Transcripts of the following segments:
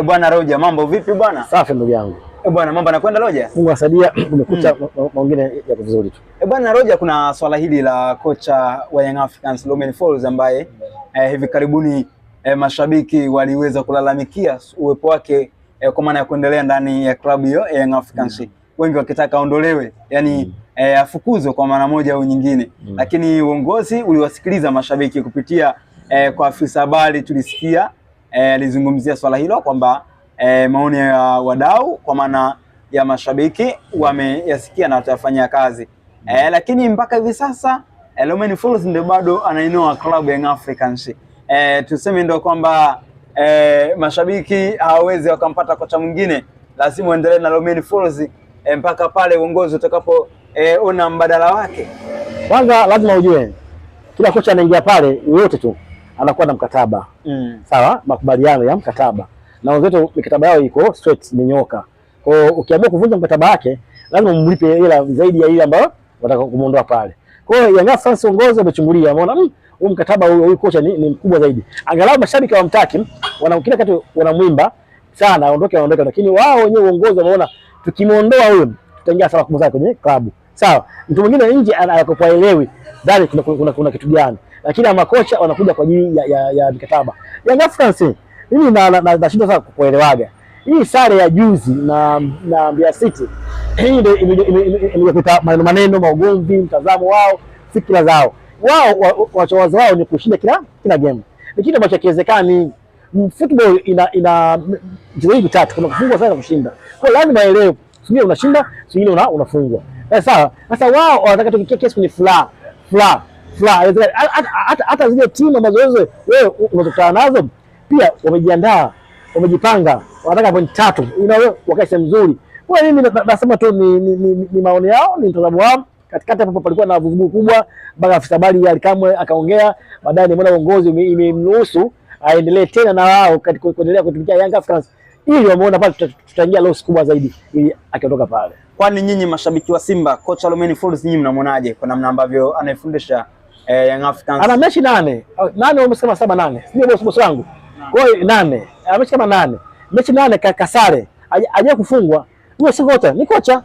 E bwana Roja, mambo vipi bwana? Safi ndugu yangu. E bwana, mambo yanakwenda Roja? Mungu asadia, umekuta mwingine mm. vizuri tu. E bwana Roja, kuna swala hili la kocha wa Young Africans Romain Folz ambaye eh, hivi karibuni eh, mashabiki waliweza kulalamikia uwepo wake eh, kwa maana ya kuendelea ndani ya klabu hiyo eh, Young Africans mm. wengi wakitaka aondolewe, yani mm. eh, afukuzwe kwa maana moja au nyingine mm. lakini uongozi uliwasikiliza mashabiki kupitia eh, kwa afisa habari tulisikia Eh, alizungumzia e, swala hilo kwamba e, maoni ya wadau kwa maana ya mashabiki wameyasikia na watayafanyia kazi e, lakini mpaka hivi sasa e, Romain Folz ndio bado anainoa club ya Young Africans e, tuseme ndio kwamba e, mashabiki hawawezi wakampata kocha mwingine, lazima uendelee na Romain Folz e, mpaka pale uongozi utakapo e, mbadala wake. Kwanza lazima ujue kila kocha anaingia pale yoyote tu anakuwa na mkataba mm. Sawa, makubaliano ya mkataba na wenzetu, mikataba yao iko straight, nyoka. Kwa hiyo ukiamua kuvunja mkataba wake lazima umlipe hela zaidi ya ile ambayo wataka kumuondoa pale. Kwa hiyo Yanga Fans uongozi wamechungulia, ameona mmm, huu mkataba huyu kocha ni, ni mkubwa zaidi. Angalau mashabiki hawamtaki, kila kitu, wanamwimba sana aondoke aondoke, lakini wao wenyewe uongozi wameona tukimuondoa huyu tutaingia hasara kubwa sana kwenye klabu. Sawa, mtu mwingine nje anakopoelewi ndani kuna, kuna, kuna, kuna kitu gani? lakini ya makocha wanakuja kwa ajili ya, ya, ya mikataba. Young Africans mimi nashinda na, na, na sasa kuelewaga hii sare ya juzi na na Mbeya City hii ndio imepita maneno maneno maugomvi, mtazamo wao, fikira zao wao, wachowazo wao ni kushinda kila kila game, ni kitu ambacho kiwezekani football ina ina mchezo hivi tatu, kuna kufungwa sana kushinda. Kwa lazima elewe, sio unashinda, sio ile unafungwa. Eh, sawa. Sasa wao wanataka tukikia kesi kwenye furaha furaha furaha. Hata zile timu ambazo wewe unazokutana nazo pia wamejiandaa, wamejipanga, wanataka pointi tatu, wakae sehemu nzuri. Kwa mimi nasema tu ni, ni, ni, ni maoni yao, ni mtazamo wao. Katikati hapo palikuwa na vugugu kubwa mpaka afisa habari Alikamwe akaongea, baadaye nimeona uongozi imemruhusu aendelee tena na wao kuendelea kutumikia Young Africans ili wameona pale tutaingia loss kubwa zaidi ili akiondoka pale. Kwani nyinyi mashabiki wa Simba, kocha Romain Folz, nyinyi mnamwonaje kwa namna ambavyo anaifundisha eh, Young Africans ana mechi nane oh, nane, umesema saba nane, Sio boss boss wangu. Kwa hiyo nane ana mechi kama nane, mechi nane kakasare, Aje kufungwa huyo. Si kocha ni kocha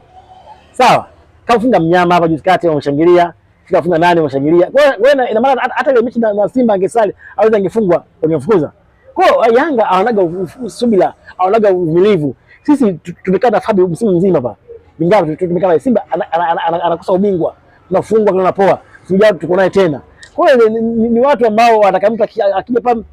sawa, kafunga mnyama hapa juzi kati, wameshangilia fika funga nane, wameshangilia. Kwa hiyo ina maana hata ile mechi na Simba angesali au angefungwa wangemfukuza. Kwa hiyo Yanga anaga subira, anaga uvumilivu. Sisi tumekaa na Fabi msimu mzima hapa, ingawa tumekaa na Simba anakosa ubingwa, tunafungwa tunapoa sija tuko naye tena. Kwa hiyo ni, ni, ni watu ambao atakamta akija pam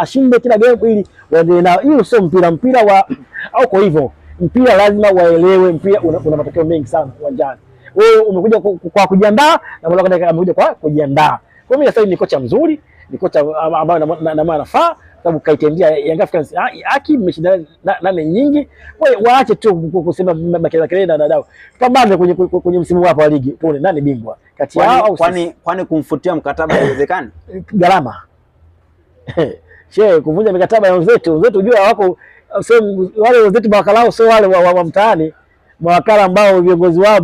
ashinde kila game ili waendelee nao. Hiyo sio mpira, mpira wa au kwa hivyo mpira lazima waelewe, mpira una, una matokeo mengi sana uwanjani. Wewe umekuja kwa kujiandaa na Morocco amekuja kwa kujiandaa. Kwa mimi sasa ni kocha mzuri, ni kocha ambaye na maana nafaa sababu kaitendia Young Africans haki, mmeshinda nane nyingi. Waache tu kusema makelele kelele na dadao, pambane kwenye kwenye msimu wapo wa ligi, tuone nani bingwa kati yao. Au kwani kwani kumfutia mkataba haiwezekani gharama she kuvunja mikataba ya wenzetu wenzetu, unajua wako so, wale wenzetu mawakalao sio wale wa wa, wa mtaani mawakala ambao viongozi wao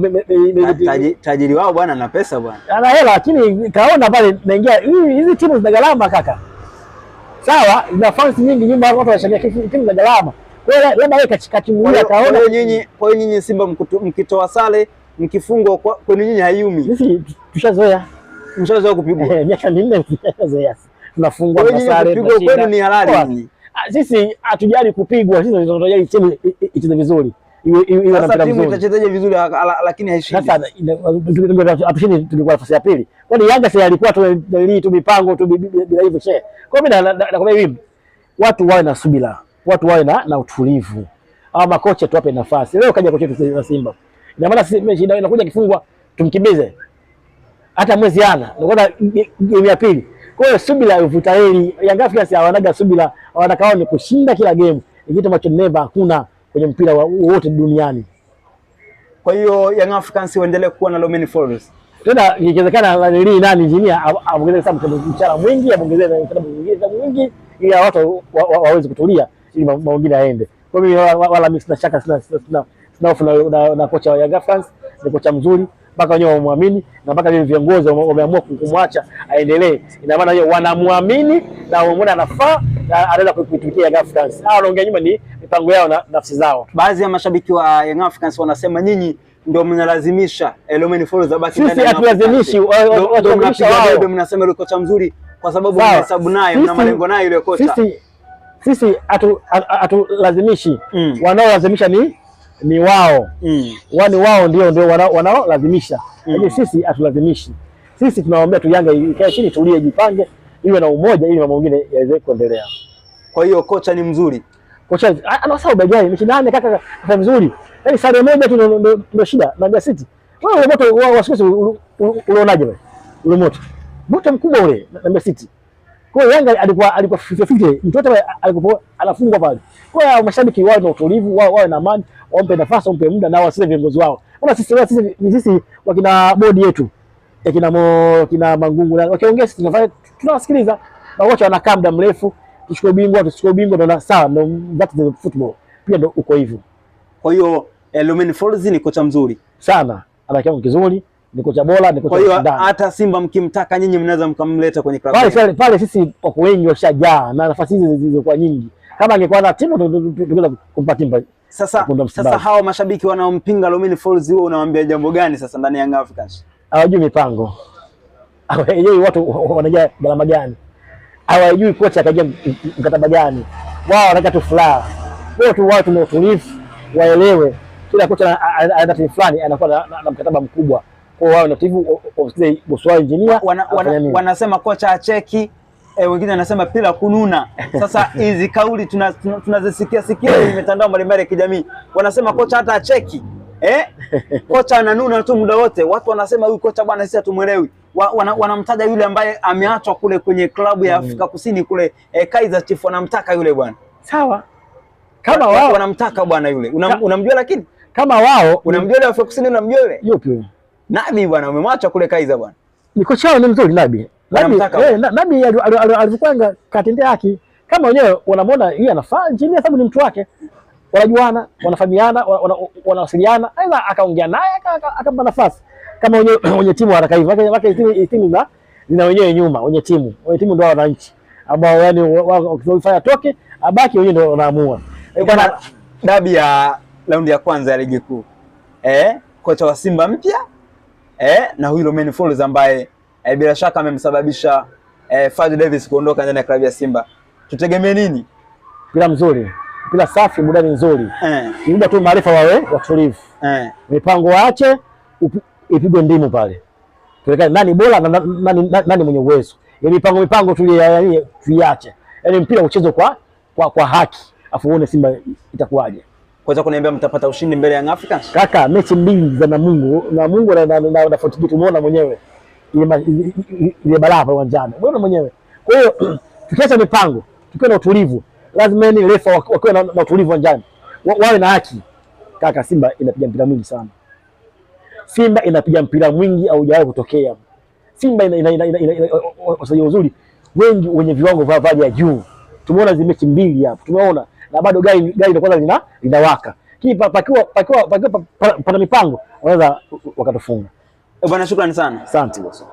tajiri wao bwana na pesa bwana ana hela, lakini kaona pale naingia hizi timu zina gharama kaka sawa, na fans nyingi nyumba watu wanashangia timu za gharama. Kwa hiyo labda wewe timu mmoja ataona. Kwa hiyo nyinyi kwa hiyo nyinyi Simba mkitoa sare mkifungwa kwa hiyo nyinyi hayumi. Sisi tushazoea. Mshazoea kupigwa. eh, Miaka minne tushazoea. Tunafungwa kwa sare. Kupigwa kwenu ni halali. Ah, sisi hatujali kupigwa, sisi tunajali timu icheze vizuri iwe na mpira mzuri. Itachezaje vizuri lakini haishindi. Sasa tulikuwa nafasi ya pili. Kwani Yanga sasa alikuwa tu dalili tu mipango tu bila hivyo Kwa mimi nakwambia hivi watu wawe na subira, watu wawe na, na utulivu. Hawa makocha tuwape nafasi. Leo kaja kocha wetu wa Simba. Ina maana sisi mechi inakuja kifungwa tumkimbize. Hata mwezi ana. Ndio game ya pili. Kwa hiyo subira ivuta heri. Yanga Africans hawanaga subira. ni kushinda kila game. Ni kitu ambacho never hakuna kwenye mpira wowote duniani. Kwa hiyo Young Africans waendelee kuwa na Lomeni Folz tena ikiwezekana, nani nani injinia aongeze sababu kwa mwingi, aongeze na sababu nyingine za mwingi, ili watu waweze kutulia, ili mambo mengine yaende. Kwa hiyo wala mimi sina shaka, sina sina hofu na kocha wa Young Africans, ni kocha mzuri mpaka wenyewe wamwamini na mpaka vile viongozi wameamua kumwacha aendelee. Ina maana hiyo wanamwamini na wamemwona anafaa na anaweza kuitumikia Young Africans. Hao wanaongea nyuma ni mipango yao na nafsi zao. Baadhi ya mashabiki wa uh, Young Africans wanasema nyinyi ndio mnalazimisha Elomeni eh, Foros abaki ndani. Sisi hatulazimishi, ndio mnapiga debe, mnasema ile kocha mzuri kwa sababu hesabu naye, na malengo naye ile kocha. Sisi sisi hatulazimishi, mm. wanaolazimisha ni ni wao mm. wani wao ndio ndio wanaolazimisha wana, mm. lakini mm. sisi hatulazimishi. Sisi tunawaambia tu Yanga ikae chini, tulie, jipange, iwe na umoja, ili mambo mengine yaweze kuendelea. Kwa hiyo kocha ni mzuri, kocha ana anawasau begai mechi nane kaka, kaka mzuri, yaani sare moja tu ndio shida na Mbeya City. Wewe moto wa wasiwasi ulionaje? Ule moto moto mkubwa ule na Mbeya City kwa hiyo Yanga alikuwa alikuwa fifty fifty, mtoto alikuwa anafungwa pale. Kwa hiyo mashabiki wao na utulivu wao, wao na amani, wampe nafasi, wampe muda na wasile viongozi wao. Bora sisi wao sisi ni sisi wakina bodi yetu. Ya kina mo, kina Mangungu na wakiongea sisi tunafanya tunawasikiliza. Na wacha wanakaa muda mrefu, tuchukue bingwa, tuchukue bingwa na sawa, ndio that the football. Pia ndio uko hivyo. Kwa hiyo eh, Lumen Falls ni kocha mzuri sana, ana kiwango kizuri ni kocha bora, ni kocha Kwa hiyo Hata Simba mkimtaka nyinyi mnaweza mkamleta kwenye klabu pale pale. pale Sisi wako wengi washajaa na nafasi hizi zilizokuwa nyingi, kama angekuwa na timu tungeweza kumpa timu. Sasa sasa hao mashabiki wanaompinga Lomini Falls, wewe unawaambia jambo gani sasa ndani ya Young Africans? Hawajui mipango, hawajui watu wanajua gharama gani, hawajui kocha akaja mkataba gani. Wao wanataka tu furaha, wao tu wao, tuna utulivu, waelewe kila kocha anaenda timu fulani anakuwa na mkataba mkubwa wao ndio hivi wamsikiza bosi engineer wanasema kocha acheki E, eh, wengine wanasema pila kununa. Sasa hizi kauli tunazisikia sikia kwenye mitandao mbalimbali ya kijamii, wanasema kocha hata acheki eh? Kocha ananuna tu muda wote, watu wanasema huyu kocha bwana, sisi hatumwelewi. Wanamtaja wana yule ambaye ameachwa kule kwenye klabu ya mm. Afrika Kusini kule, eh, Kaizer Chiefs wanamtaka yule bwana, sawa kama wao wanamtaka bwana yule, unamjua? lakini kama wao unamjua yule Afrika Kusini, unamjua yule yupi? Nabi bwana umemwacha kule Kaiza bwana. Niko chao ni mzuri Nabi. Nabi eh, Nabi alivyokuanga katendea haki. Kama wenyewe wanamwona yeye anafaa chini sababu ni mtu wake. Wanajuana, wanafahamiana, wanawasiliana. Aidha akaongea naye akampa nafasi. Kama wenyewe wenye timu haraka hivi. Wake wake timu timu na ina wenyewe nyuma, wenye timu. Wenye timu ndio wananchi. Ambao yani wakifanya toke, abaki wenyewe ndio wanaamua. Eh, bwana Dabi ya raundi ya kwanza ya ligi kuu. Eh, kocha wa Simba mpya eh, na huyu Romain Folz ambaye eh, bila shaka amemsababisha eh, Fadlu Davis kuondoka ndani ya klabu ya Simba. Tutegemee nini? Mpira mzuri, mpira safi, muda ni nzuri eh. Muda tu maarifa wawe watulivu eh. Mipango waache ipigwe ndimu pale, tuelekane nani bora na nani, nani mwenye uwezo. Ile mipango mipango tuliache, yaani mpira uchezo kwa, kwa, kwa haki, afu uone Simba itakuwaje kuweza kuniambia mtapata ushindi mbele ya Young Africans? Kaka, mechi mbili za na Mungu na Mungu na, na, na Fort Gate umeona mwenyewe. Ile balaa hapa uwanjani. Umeona mwenyewe. Kwa hiyo tukiacha mipango, tukiwa na utulivu, lazima ni refa wakiwa na, na utulivu uwanjani. Wawe na haki. Kaka, Simba inapiga mpira mwingi sana. Simba inapiga mpira mwingi au haujawahi kutokea. Simba ina ina, ina, ina, ina, ina wachezaji wazuri wengi wenye viwango vya ya juu. Tumeona zile mechi mbili hapo. Tumeona na bado gari gari kwanza lina linawaka. Kipa pakiwa pakiwa pakiwa pana mipango wanaweza wakatufunga. Bwana, shukrani sana. Asante.